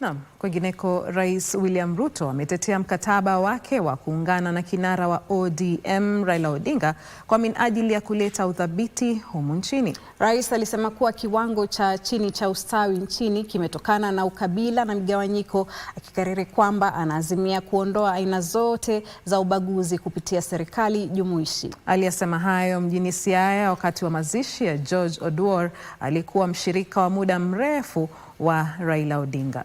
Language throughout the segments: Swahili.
Naam, kwingineko Rais William Ruto ametetea mkataba wake wa kuungana na kinara wa ODM Raila Odinga kwa minajili ya kuleta uthabiti humu nchini. Rais alisema kuwa kiwango cha chini cha ustawi nchini kimetokana na ukabila na migawanyiko, akikariri kwamba anaazimia kuondoa aina zote za ubaguzi kupitia serikali jumuishi. Aliyasema hayo mjini Siaya wakati wa mazishi ya George Oduor, aliyekuwa mshirika wa muda mrefu wa Raila Odinga.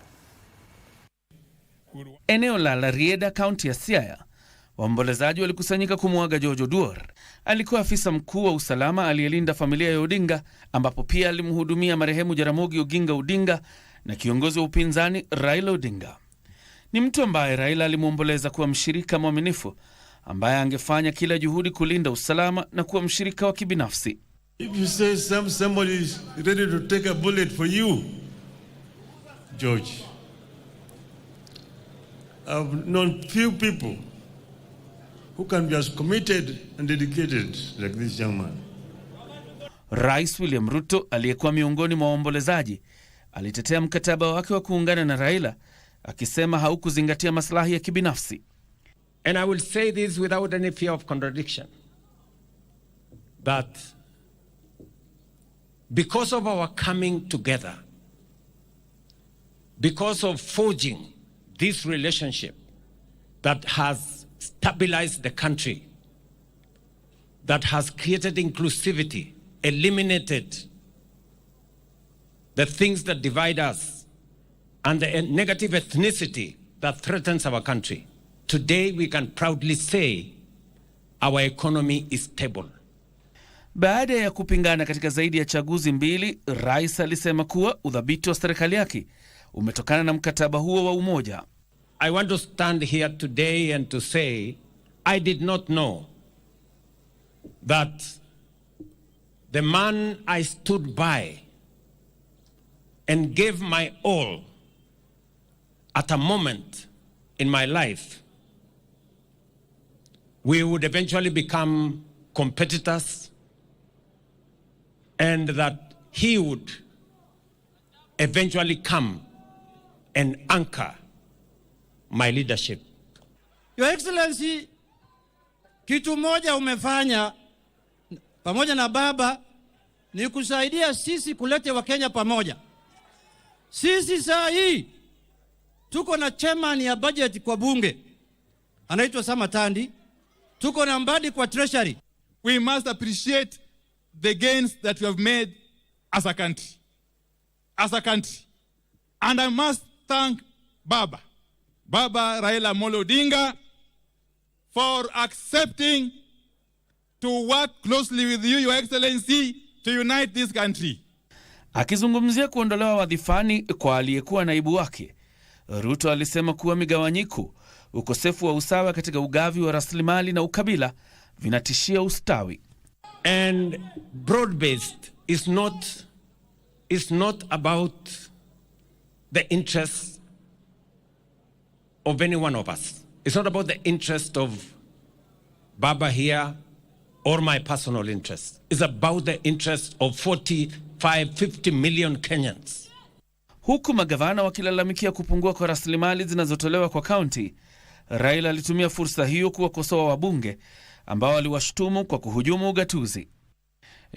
Eneo la Larieda, kaunti ya Siaya, waombolezaji walikusanyika kumwaga George Oduor. Alikuwa afisa mkuu wa usalama aliyelinda familia ya Odinga, ambapo pia alimhudumia marehemu Jaramogi Oginga Odinga na kiongozi wa upinzani Raila Odinga. Ni mtu ambaye Raila alimwomboleza kuwa mshirika mwaminifu ambaye angefanya kila juhudi kulinda usalama na kuwa mshirika wa kibinafsi. If you say I've known few people who can be as committed and dedicated like this young man. Rais William Ruto aliyekuwa miongoni mwa waombolezaji alitetea mkataba wake wa kuungana na Raila akisema haukuzingatia maslahi ya kibinafsi. And I will say this without any fear of contradiction. That because of our coming together, because of forging this relationship that has stabilized the country, that has created inclusivity, eliminated the things that divide us and the negative ethnicity that threatens our country. Today we can proudly say our economy is stable. Baada ya kupingana katika zaidi ya chaguzi mbili, rais alisema kuwa udhabiti wa serikali yake umetokana na mkataba huo wa umoja. I want to stand here today and to say I did not know that the man I stood by and gave my all at a moment in my life we would eventually become competitors and that he would eventually come and anchor my leadership. Your Excellency, kitu moja umefanya pamoja na baba ni kusaidia sisi kulete Wakenya pamoja. Sisi saa hii tuko na chairman ya budget kwa bunge anaitwa Samatandi, tuko na Mbadi kwa treasury. We must appreciate the gains that we have made as a country, as a country and I must thank Baba, Baba Raila Molodinga, for accepting to work closely with you, Your Excellency, to unite this country. Akizungumzia kuondolewa wadhifani kwa aliyekuwa naibu wake, Ruto alisema kuwa migawanyiko, ukosefu wa usawa katika ugavi wa rasilimali na ukabila vinatishia ustawi. And broad-based is not, is not about the interests of any one of us. It's not about the interest of Baba here or my personal interest. It's about the interest of 45, 50 million Kenyans. Huku magavana wakilalamikia kupungua kwa rasilimali zinazotolewa kwa kaunti, Raila alitumia fursa hiyo kuwakosoa wabunge ambao aliwashutumu kwa kuhujumu ugatuzi.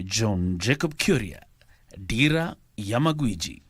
John Jacob Kuria, Dira ya Magwiji.